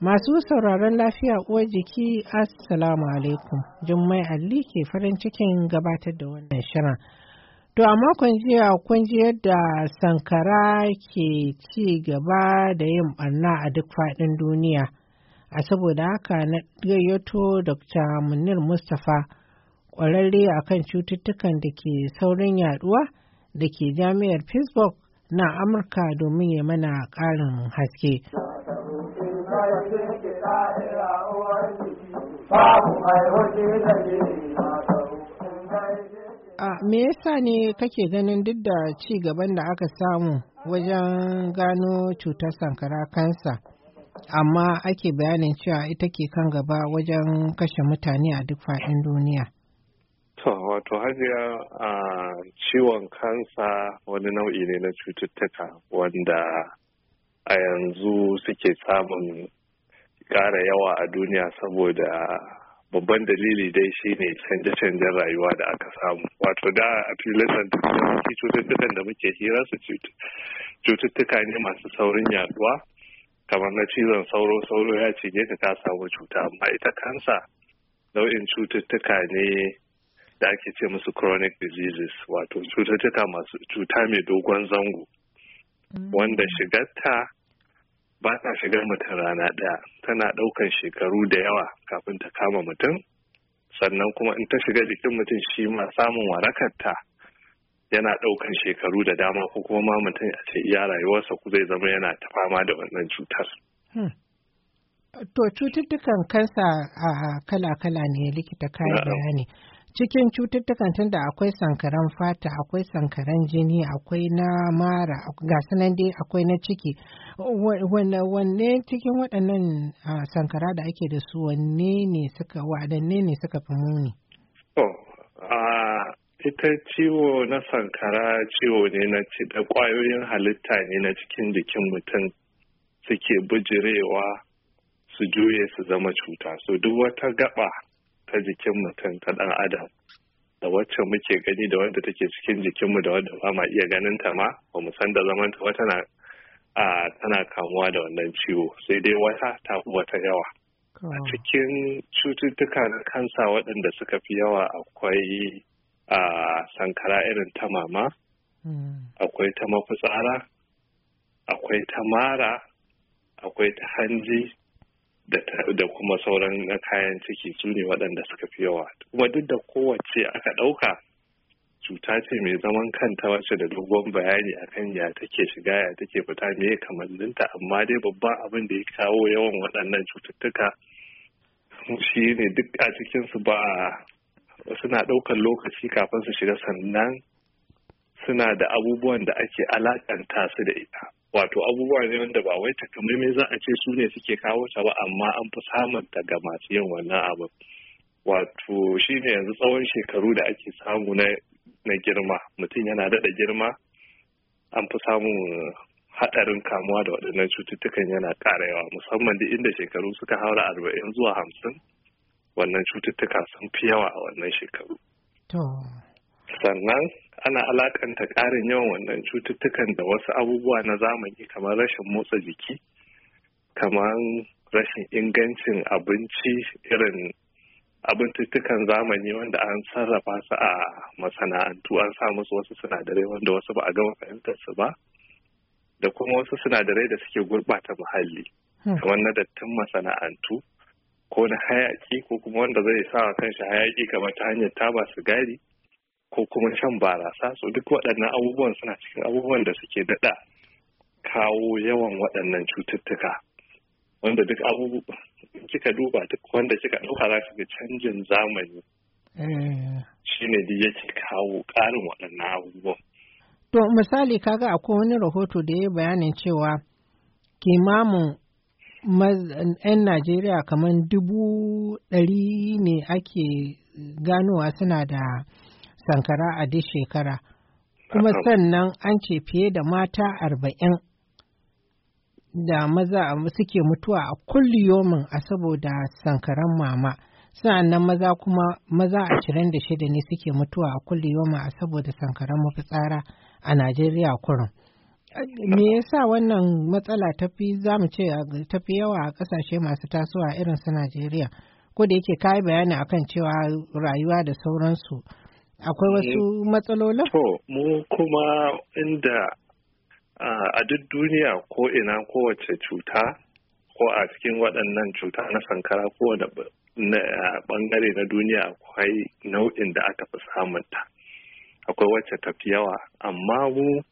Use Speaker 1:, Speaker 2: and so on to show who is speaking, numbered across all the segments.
Speaker 1: Masu sauraron lafiya uwar jiki Assalamu alaikum. Jummai Ali ke farin cikin gabatar da wannan shirin. To a makon jiya kun ji yadda sankara ke ci gaba da yin barna a duk faɗin duniya. A saboda haka na gayyato Dr. Munir Mustapha ƙwararre akan cututtukan da ke saurin yaduwa da ke jami'ar Pittsburgh na Amurka domin ya mana ƙarin haske. A me yasa ne kake ganin duk da ci gaban da aka samu wajen gano cutar sankara kansa amma ake bayanin cewa ita ke kan gaba wajen kashe mutane a duk faɗin duniya?
Speaker 2: To, wato hajiya a ciwon kansa wani nau'i ne na cututtuka wanda a yanzu suke samun ƙara yawa a duniya saboda babban dalili dai shine canje-canjen rayuwa da aka samu wato da a filin santafi cututtukan da muke hira su cututtuka ne masu saurin yaduwa kamar na cizon sauro sauro ya cije ka ka samu cuta amma ita kansa nau'in cututtuka ne da ake ce musu chronic diseases wato cututtuka masu cuta mai dogon zango mm. wanda shigarta ba ta shigar mutum rana ɗaya tana ɗaukan shekaru da yawa kafin ta kama mutum sannan kuma in ta shiga jikin mutum shi ma samun warakarta yana ɗaukan shekaru da dama ko kuma ma mutum a ce iya rayuwarsa ku zai zama yana ta fama da wannan cutar.
Speaker 1: Hmm. To cututtukan kansa kala-kala ne likita kayan bayani. cikin cututtukan tun da akwai sankaran fata akwai sankaran jini akwai na mara ga sanan dai akwai na ciki wanne cikin waɗannan sankara da ake da su wanne ne suka waɗanne ne suka fi muni
Speaker 2: ita ciwo na sankara ciwo ne na da ƙwayoyin halitta ne na cikin jikin mutum suke bijirewa su juye su zama cuta so duk wata gaba ta jikin mutum ta ɗan adam da wacce muke gani da wanda take cikin jikinmu da wanda ba ma iya ganin ta ma ba mu san da zaman ta wata tana kamuwa da wannan ciwo sai dai wata ta wata yawa a cikin cututtuka na kansa waɗanda suka fi yawa akwai a sankara irin ta mama hmm. akwai ta mafitsara akwai ta mara akwai ta hanji da kuma sauran na kayan ciki su ne waɗanda suka fi yawa kuma duk da kowace aka ɗauka cuta ce mai zaman kanta wacce da dogon bayani akan ya take shiga ya take fita me linta, amma dai babban abin da ya kawo yawan waɗannan cututtuka shi ne duk a cikinsu ba suna ɗaukar lokaci kafin su shiga sannan suna da abubuwan da ake alakanta su da ita wato abubuwa ne wanda ba wai takamaimai za a ce su ne suke kawo ta ba amma an fi samun daga masu yin wannan abu wato shi ne yanzu tsawon shekaru da ake samu na girma mutum yana daɗa girma an fi samun haɗarin kamuwa da waɗannan cututtukan yana ƙara yawa musamman da inda shekaru suka haura arba'in zuwa hamsin wannan cututtuka sun fi yawa a wannan shekaru. sannan ana alakanta ƙarin yawan wannan cututtukan da wasu abubuwa na zamani kamar rashin motsa jiki kamar rashin ingancin abinci irin abinciccikan zamani wanda an sarrafa su a masana'antu an sa musu wasu sinadarai wanda wasu ba a gama fahimtar su ba da kuma wasu sinadarai da suke gurɓata muhalli hmm. kamar na dattin masana'antu ko na hayaki ko kuma wanda zai sa kanshi hayaki kamar ta hanyar taba sigari ko kuma shan barasa so duk waɗannan abubuwan suna cikin abubuwan da suke daɗa kawo yawan waɗannan cututtuka wanda duk abubuwa kika duba duk wanda kika ɗauka za ga canjin zamani
Speaker 1: eh.
Speaker 2: Shi ne duk yake kawo ƙarin waɗannan abubuwan
Speaker 1: to misali kaga akwai wani rahoto da ya yi bayanin cewa kimamin 'yan Najeriya kamar dubu ɗari ne ake ganowa suna da Sankara a duk shekara kuma sannan an ce fiye da mata arba'in da maza suke mutuwa a kulli yomin a saboda sankaran mama sa'annan maza kuma maza ashirin da shida ne suke mutuwa a kulli yomin a saboda sankaran mafitsara a najeriya kurin me yasa wannan matsala tafi za ce tafi yawa a kasashe masu tasowa irin su najeriya ko da yake kayi bayani akan cewa rayuwa da sauransu Akwai eh, wasu matsalolin? To,
Speaker 2: mu kuma inda a duk duniya ko ina kowace cuta ko a cikin waɗannan cuta na sankara ko kowane ɓangare na duniya akwai nau'in da aka fi samunta. Akwai wacce tafi yawa, amma mu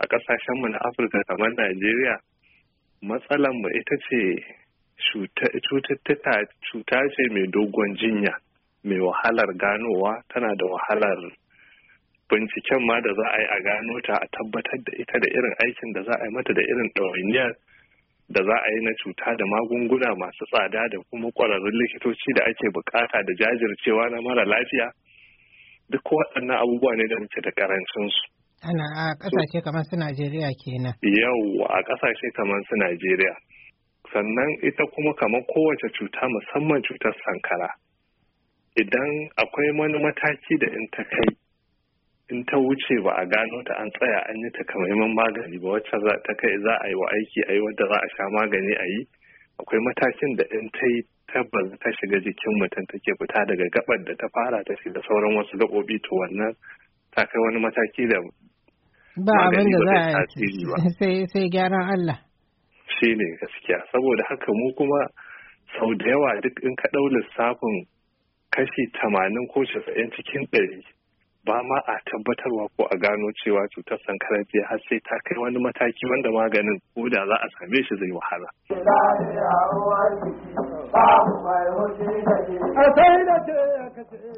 Speaker 2: a ƙasashen mu na Afirka kamar Najeriya matsalanmu ita ce cuta ce mai dogon jinya mai wahalar ganowa tana da wahalar binciken ma da za a yi a gano ta a tabbatar da ita da irin aikin da za a yi mata da irin ɗawainiyar da za a yi na cuta da magunguna masu tsada da kuma ƙwararrun likitoci da ake bukata da jajircewa na mara lafiya duk waɗannan abubuwa ne da muke da su.
Speaker 1: Ana a ƙasashe kamar su Najeriya kenan.
Speaker 2: Yau a ƙasashe kamar su Najeriya. Sannan ita kuma kamar kowace cuta musamman cutar sankara. idan akwai wani mataki da in ta kai in ta wuce ba a gano ta an tsaya an yi takamaiman magani ba wacce za ta kai za a yi wa aiki a yi wadda za a sha magani a yi akwai matakin da in ta yi tabbas ta shiga jikin mutum take fita daga gabar da ta fara ta shiga sauran wasu gaɓoɓi to wannan ta kai wani mataki da
Speaker 1: ba abin da za
Speaker 2: a
Speaker 1: yi sai gyaran Allah
Speaker 2: shi ne gaskiya saboda haka mu kuma sau da yawa duk in ka ɗau lissafin kashi tamanin ko casa'in cikin ɗari ba ma a tabbatarwa ko a gano cewa cutar sankarar ce har sai ta kai wani mataki wanda maganin ko da za a same shi zai wahala.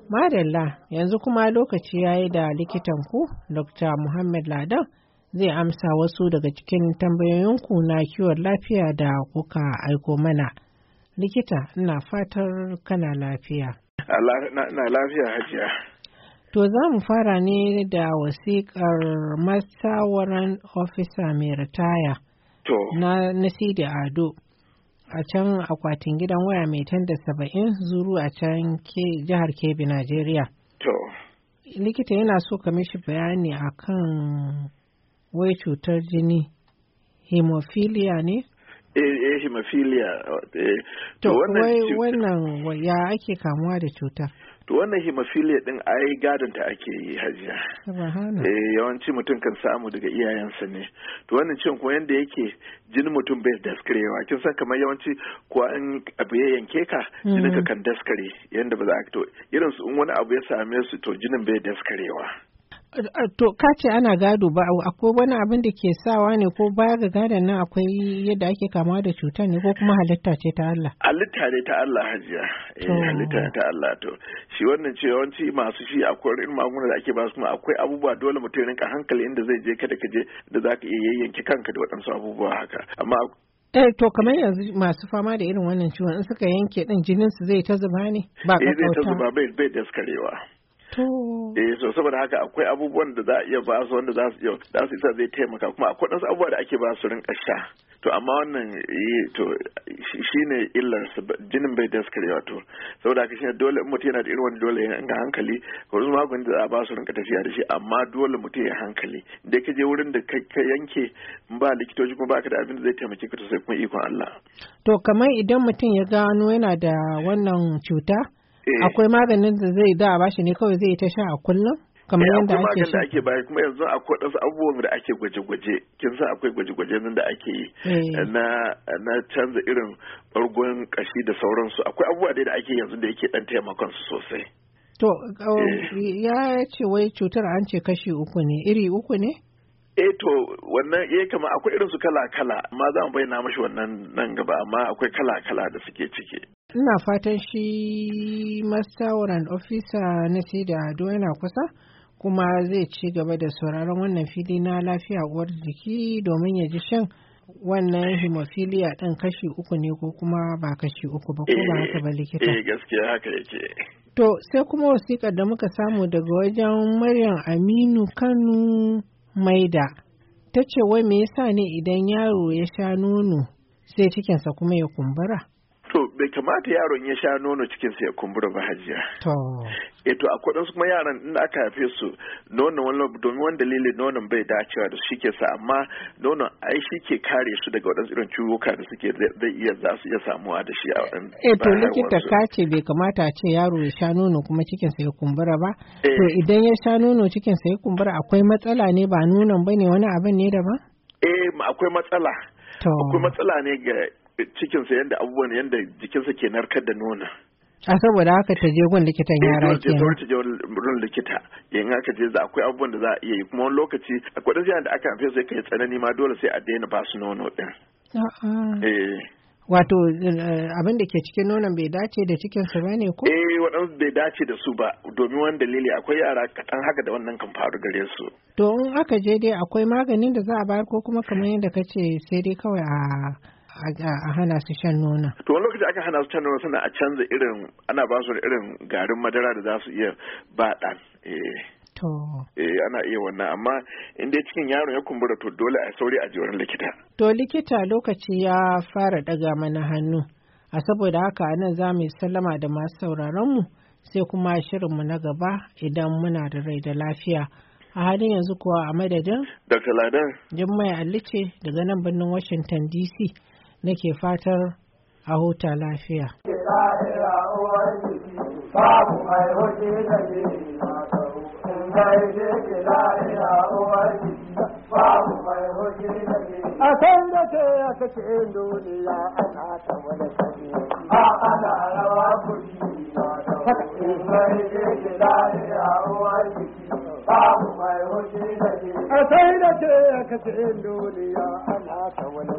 Speaker 1: Madalla yanzu kuma lokaci ya yi da likitan ku Dr. Muhammad Ladan zai amsa wasu daga cikin tambayoyinku na kiwon lafiya da kuka aiko mana. Likita ina fatar kana lafiya.
Speaker 3: na lafiya
Speaker 4: hajiya
Speaker 1: to za mu fara ne da wasiƙar masawaran ofisa mai ritaya na nasidi ado a can akwatin gidan waya mai tanda saba'in zuru a can jihar kebbi najeriya likita yana so ka mishi bayani akan wai cutar jini hemophilia ne
Speaker 3: eh hemophilia to wannan
Speaker 1: ya ake kamuwa da cutar
Speaker 3: to wannan hemophilia din ai gadon ta ake yi hajiya eh yawanci mutum kan samu daga iyayensa ne to wannan ciwon kuma yanda yake jinin mutum bai daskarewa kin san kamar yawanci ko an abu ya yanke ka jinin ka mm-hmm. kan daskare yanda ba za a to irin su in wani abu ya same su to jinin bai daskarewa
Speaker 1: to ka ce ana gado ba akwai wani abin da ke sawa ne ko baya ga gadon nan akwai yadda ake kama da cutar ne ko kuma halitta ce ta Allah
Speaker 3: halitta ne ta Allah hajiya eh halitta ne ta Allah to shi wannan ce yawanci masu shi akwai irin magunguna da ake ba su kuma akwai abubuwa dole mutum rinka hankali inda zai je kada ka je da zaka iya yayyanke kanka da waɗansu abubuwa haka amma
Speaker 1: Eh, to kamar yanzu masu fama da irin wannan ciwon in suka yanke din jinin su zai ta zuba ne ba ka eh, zai ta zuba
Speaker 3: bai bai daskarewa eh so saboda haka akwai abubuwan da za a iya ba su wanda za su iya za su isa zai taimaka kuma akwai wasu abubuwa da ake ba su rinka sha to amma wannan eh, to shine illar jinin bai daskare wato saboda haka shine dole in mutum yana da irin wani dole ya ga hankali ko wasu magani da za a ba su rinka tafiya da shi amma dole mutum ya hankali da ka je wurin da ka yanke ba likitoci kuma baka da abin da zai taimake ka to sai kuma ikon Allah
Speaker 1: to kamar idan mutum ya gano yana da wannan cuta Eh. akwai maganin da zai da bashi ne kawai zai ta sha a kullum kamar eh, yadda ake shi ake
Speaker 3: bayar kuma yanzu akwai wasu abubuwan da ake gwaje-gwaje kin san akwai gwaje-gwaje nan da ake yi eh. na na canza irin bargon kashi da sauransu akwai abubuwa da ake yanzu da yake dan taimakon su sosai
Speaker 1: to um, ya ce wai cutar an ce kashi uku ne iri uku ne
Speaker 3: eh to wannan eh kama akwai irin su kala kala amma za mu bayyana mashi wannan nan gaba amma akwai kala kala da suke ciki
Speaker 1: ina fatan shi master warrant officer na sai da ado yana kusa kuma zai ci gaba da sauraron wannan fili na lafiya uwar jiki domin ya ji shan wannan hemophilia ɗin kashi uku ne ko kuma ba kashi uku ba ko ba haka ba likita. Eh
Speaker 3: gaskiya haka yake.
Speaker 1: To sai kuma wasiƙar da muka samu daga wajen Maryam Aminu Kano Maida. Ta ce wai me yasa ne idan yaro ya sha nono sai cikinsa kuma ya kumbura?
Speaker 3: bai kamata yaron ya sha nono cikin sa ya kumbura ba hajiya eh to akwai kuma yaran in aka haife su nono wannan domin wani dalili nonon bai dacewa da shi ke sa amma nonon ai shi ke kare su daga waɗansu irin ciwuka da suke zai iya za su iya samuwa da shi a waɗansu eh to likita ka
Speaker 1: ce bai kamata a ce yaro ya sha nono kuma cikin sa ya kumbura ba to eh. idan ya sha nono cikin sa ya kumbura akwai matsala ne ba nonon bane wani abin ne daban
Speaker 3: eh akwai matsala akwai matsala ne ga cikinsa yadda abubuwan yadda jikinsa ke narkar da nuna.
Speaker 1: a saboda haka ta je gun likitan eh, yara ke nan ta
Speaker 3: je gun likita in aka je za akwai abubuwan da za a iya yi kuma wani lokaci akwai ɗansu da aka haife sai kai tsanani ma dole sai a daina ba su nono ɗin. Eh.
Speaker 1: Wato eh, abin da ke cikin nonon bai dace da cikin su bane
Speaker 3: ko? Eh waɗansu bai dace da su ba domin wani dalili akwai yara kaɗan haka da wannan kan faru gare su.
Speaker 1: To in aka je dai akwai maganin da za a bayar ko kuma kamar yadda ka ce sai dai kawai a a hana su shan nono.
Speaker 3: To wani lokaci aka hana su shan nono sannan a canza irin ana ba su irin garin madara da za su iya ba ɗan. Eh. To. Eh ana iya wannan amma in dai cikin yaro ya kumbura to dole a sauri a jiwarin likita.
Speaker 1: To likita lokaci ya fara ɗaga mana hannu. A saboda haka anan za mu sallama da masu sauraronmu sai kuma shirinmu na gaba idan muna da rai da lafiya. a halin yanzu kuwa a madadin?
Speaker 3: Dr. Ladan.
Speaker 1: Jummai Alice daga nan birnin Washington DC nake fatar a huta lafiya.
Speaker 4: A da ke ya kace duniya a ana wani